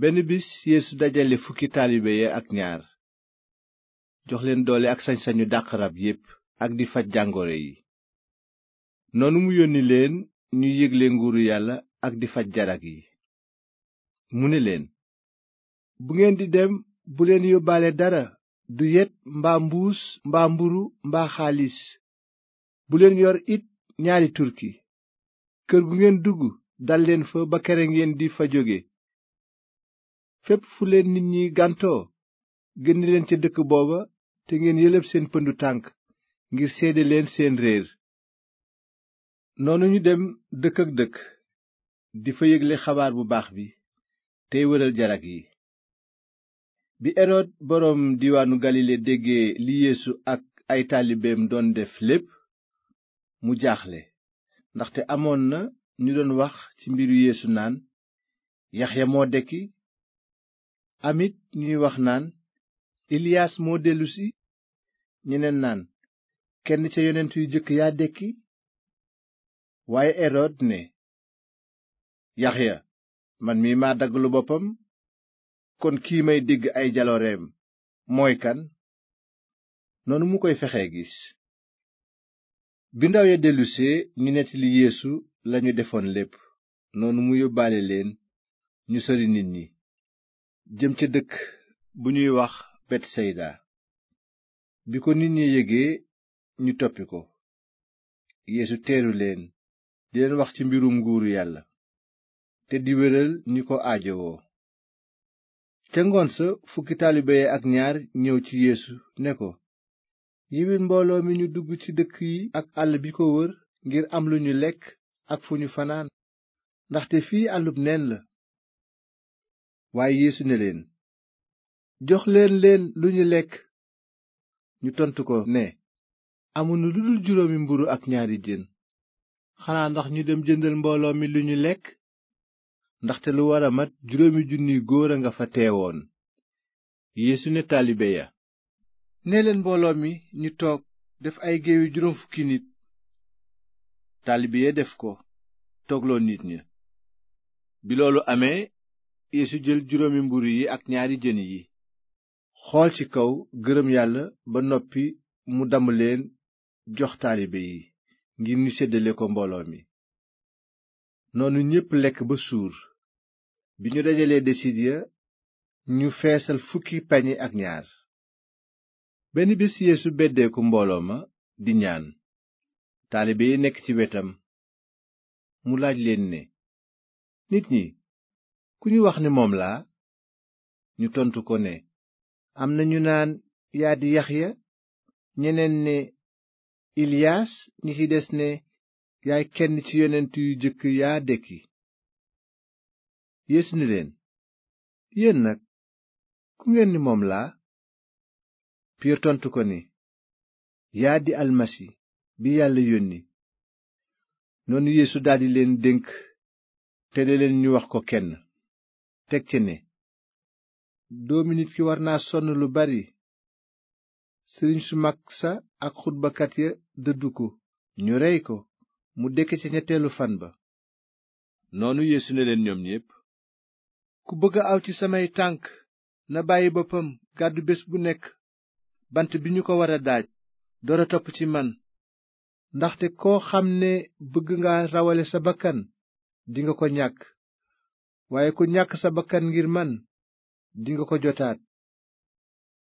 benn bis yeesu dajale fukki taalibe ya ak ñaar jox leen doole ak sañ-sañu dàq rab yépp ak di faj jàngoro yi noonu mu yónni leen ñu yégle nguuru yàlla ak di faj jarag yi mu ne leen bu ngeen di dem bu leen yóbbaale dara du yet mbaa mbuus mbaa mburu mbaa xaalis bu leen yor it ñaari turki kër gu ngeen dugg dal leen fa ba kere ngeen di fa jóge fépp fu leen nit ñi gàntoo génne leen ca dëkk booba te ngeen yëlëb seen pëndu tànk ngir seede leen seen réer noonu ñu dem dëkk ak dëkk di fa yëgle xabaar bu baax bi tey wëral jarag yi bi erod boroom diwaanu galile déggee li yéesu ak ay taalibeem doon def lépp mu jaaxle ndaxte amoon na ñu doon wax ci mbiru yéesu naan yaxya moo dekki amit ñuy wax naan iliyaas moo dellusi ñeneen naan kenn ca yonent yu jëkk ya dekki waaye erod ne yaxya man mii maa daggalu boppam kon kii may dégg ay jalooreem mooy kan noonu mu koy fexee gis bi dellusee ñu nettali yeesu lañu defoon lépp noonu mu yóbbaale leen ñu sori nit ñi jëm ca dëkk bu ñuy wax betsayda bi ko nit ñi yégee ñu toppi ko yeesu teeru leen di leen wax ci mbirum nguuru yàlla te di wéral ñi ko aajowoo ca ngoon sa fukki taalibe ak ñaar ñëw ci yeesu ne ko yiwil mbooloo mi ñu dugg ci dëkk yi ak àll bi ko wër ngir am lu ñu lekk ak fu ñu fanaan ndaxte fii àllub neen la waaye Yeesu ne leen jox leen leen lu ñu lekk ñu tontu ko ne amuñu lu dul juróomi mburu ak ñaari jën xanaa ndax ñu dem jëndal mbooloo mi lu ñu lekk ndaxte lu war a mat juróomi junniy góor a nga fa teewoon Yeesu ne taalibe ya nee leen mbooloo mi ñu toog def ay géeyu juróom fukki nit taalibe ya def ko loo nit ña bi loolu amee Yeesu jël juróomi mburu yi ak ñaari jën yi xool ci kaw gërëm yàlla ba noppi mu damm leen jox taalibe yi ngir ñu seddale ko mbooloo mi noonu ñépp lekk ba suur bi ñu dajalee desit ya ñu feesal fukki pañe ak ñaar benn bés Yeesu beddeeku mbooloo ma di ñaan taalibe yi nekk ci wetam mu laaj leen ne nit ñi ku ñu wax ni moom laa ñu tontu ko ne am na ñu naan yaa di Yaxya ñeneen ne Iliyaas ñi ci des ne yaay kenn ci yonent yu jëkk yaa dekki Yeesu ni leen yéen nag ku ngeen ni moom laa Piyeer tontu ko ni yaa di almasi bi yàlla yónni noonu yéesu daldi leen dénk tere leen ñu wax ko kenn teg ca ne doomi nit ki war naa sonn lu bari sëriñ su mag sa ak xutbakat ya dëddu ko ñu rey ko mu dekk ca ñetteelu fan ba noonu yeesu ne leen ñoom ñépp ku bëgg aw ci samay tànk na bàyyi boppam gàddu bés bu nekk bant bi ñu ko war a daaj door topp ci man ndaxte koo xam ne bëgg nga rawale sa bakkan dinga ko ñàkk waaye ku ñàkk sa bakkan ngir man dinga ko jotaat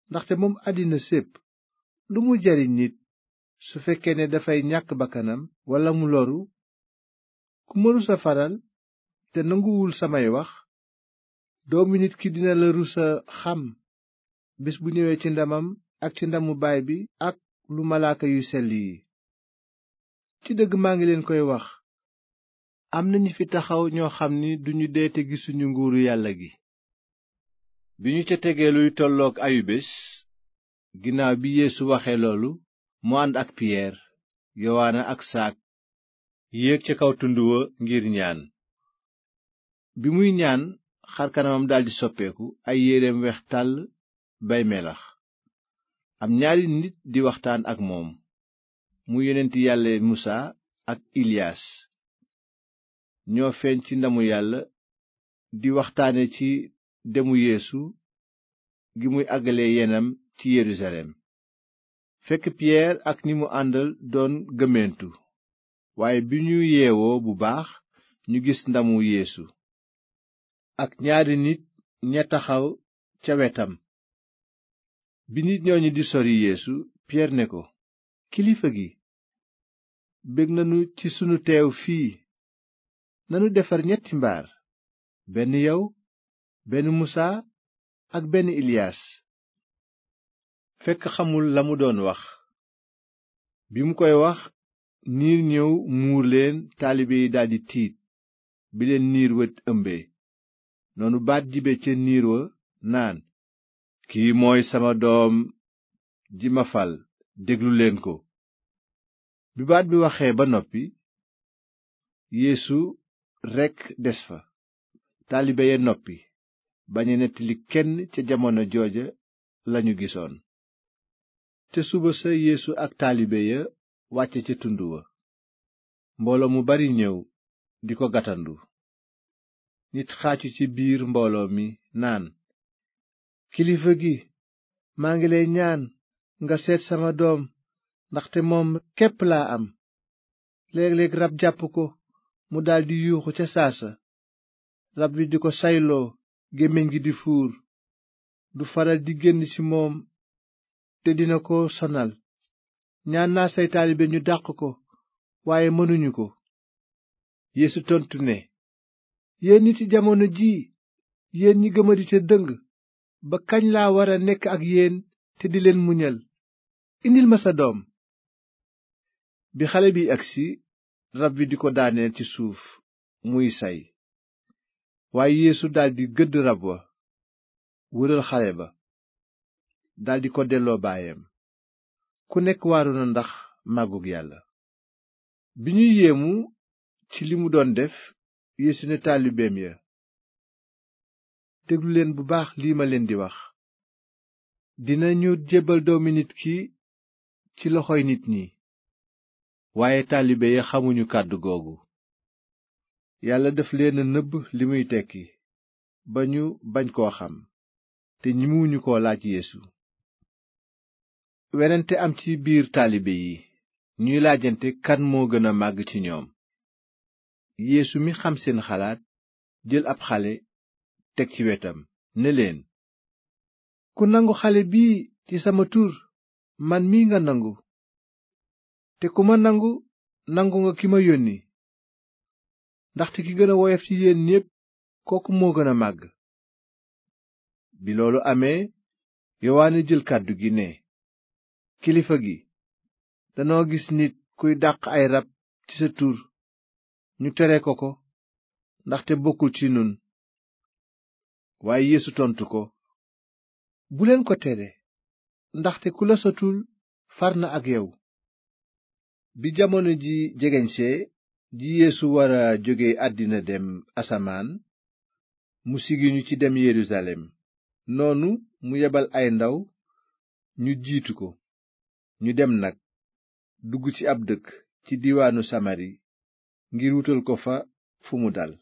ndaxte moom àddina sépp lu mu jariñ nit su fekkee ne dafay ñàkk bakkanam walla mu loru ku ma rusa faral te nanguwul samay wax doomu nit ki dina la rusa xam bés bu ñëwee ci ndamam ak ci ndamu baay bi ak lu malaaka yu sell yi dëgg maa ngi leen koy wax am na fi taxaw ñoo xam ni duñu dee gisuñu nguuru yàlla gi bi ñu ca tegee luy tollook ayubés ginnaaw bi yéesu waxe loolu mu ànd ak piyeer yowaana ak saak yéeg ca kaw tund wa ngir ñaan bi muy ñaan xarkanamam daldi soppeeku ay yéreem weex tàll bay melax am ñaari nit di waxtaan ak moom mu yonent yàlla musa ak iliyaas ñoo feeñ ci ndamu yàlla di waxtaane ci demu yéesu gi muy àggale yenam ci yerusalem fekk piyeer ak ñi mu àndal doon gëmmentu waaye bi ñu yeewoo bu baax ñu gis ndamu yéesu ak ñaari nit ña taxaw ca wetam bi nit ñooñu di sori yeesu piyeer ne ko kilifa gi bég nanu ci sunu teew fii nanu defar ñetti mbaar benn yow benn musaa ak benn iliyaas fekk xamul la mu doon wax bi mu koy wax niir ñëw muur leen taalibe yi daldi tiit bi leen niir wa ëmbee noonu baat jibe ca niir wa naan kii mooy sama doom ji mafal fal leen ko bi baat bi waxee ba noppi des fa taalibe ya noppi bañ kenn ca jamono jooja lañu gisoon ca suba sa yéesu ak taalibe ya wàcce ca tund wa mbooloo mu bari ñëw di ko gàttandu nit xaacu ci biir mbooloo mi naan kilifa gi maa ngi lay ñaan nga seet sama doom ndaxte moom képp laa am léeg-léeg rab jàpp ko mu daldi yuuxu ca saasa rab wi di ko sayloo gémmiñ gi di fuur du faral di génn ci moom te dina ko sonal ñaan naa say taalibe ñu dàq ko waaye mënuñu ko yeesu tontu ne yéen nit yi jamono ji yéen ñi gëmadi te dëng ba kañ laa wara nekk ak yéen te di leen muñal indil ma sa doom bi xale bi agsi rab wi di ko daaneel ci suuf muy say waaye yéesu daldi gëdd rab wa wëral xale ba daldi ko delloo baayam ku nekk waaru na ndax màggug yàlla bi ñuy yéemu ci li mu doon def Yeesu ne taalibeem ya déglu leen bu baax lii ma leen di wax dinañu jébbal doomi nit ki ci loxoy nit ñi waaye taalibe ya xamuñu kàddu googu yàlla def leen nëbb li muy tekki ba ñu bañ koo xam te ñimuwuñu ko laaj yéesu werante am ci biir taalibe yi ñuy laajante kan moo gën a màgg ci ñoom yéesu mi xam seen xalaat jël ab xale teg ci wetam ne leen ku nangu xale bii ci sama tur man mi nga nangu te ku ma nangu nangu nga ki ma yónni ndaxte ki gën a woyof ci yéen ñépp kooku moo gën a màgg bi loolu amee yowaane jël kàddu gi ne kilifa gi danoo gis nit kuy dàq ay rab ci sa tur ñu tere ko ko ndaxte bokkul ci nun waaye Yeesu tontu ko buleen ko tere ndaxte ku la sotul far na ak yow bi jamono ji jegeñsee ji yeesu wara jóge àddina dem asamaan mu ñu ci dem yerusalem noonu mu yebal ay ndaw ñu jiitu ko ñu dem nag dugg ci ab dëkk ci diwaanu samari ngir wutal ko fa fu mu dal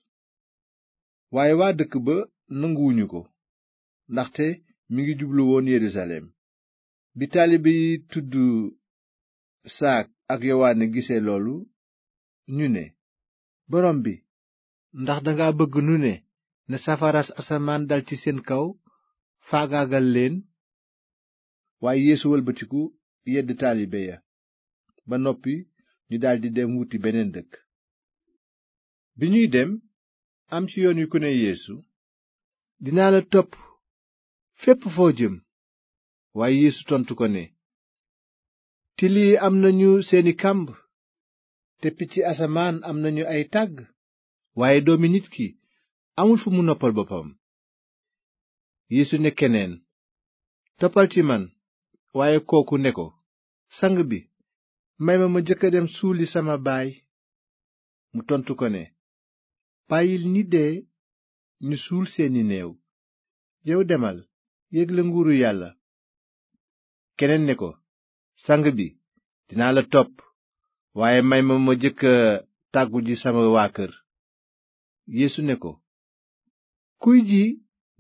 waaye waa dëkk ba nanguwuñu ko ndaxte mu ngi jublu woon yerusalem bi taalibe yi tudd saak ak yowaane gisee loolu ñu ne boroom bi ndax danga bëgg nu ne na safaras asamaan dal ci seen kaw faagaagal leen waaye yeesu wëlbatiku yedd taalibe ya ba noppi ñu daldi dem wuti beneen dëkk bi ñuy dem am ci yoon wi ku ne yeesu dinaa la topp fépp foo jëm waaye yeesu tontu ko ne till yi am nañu seeni kàmb te picc asamaan am nañu ay tàgg waaye doomi nit ki amul fu mu noppal boppam yéesu ne keneen toppal ci man waaye kooku ne ko sang bi may ma ma jëkk dem suuli sama baay mu tontu ko ne bàyyil ñi dee ñu suul seeni néew yow demal yégle nguuru yàlla keneen ne ko sang bi dinaa la topp waaye may ma ma jëkk tàggu ji sama waa kër yeesu ne ko kuy ji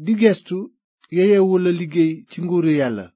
di gestu yeyewul la liggéey ci nguuru yàlla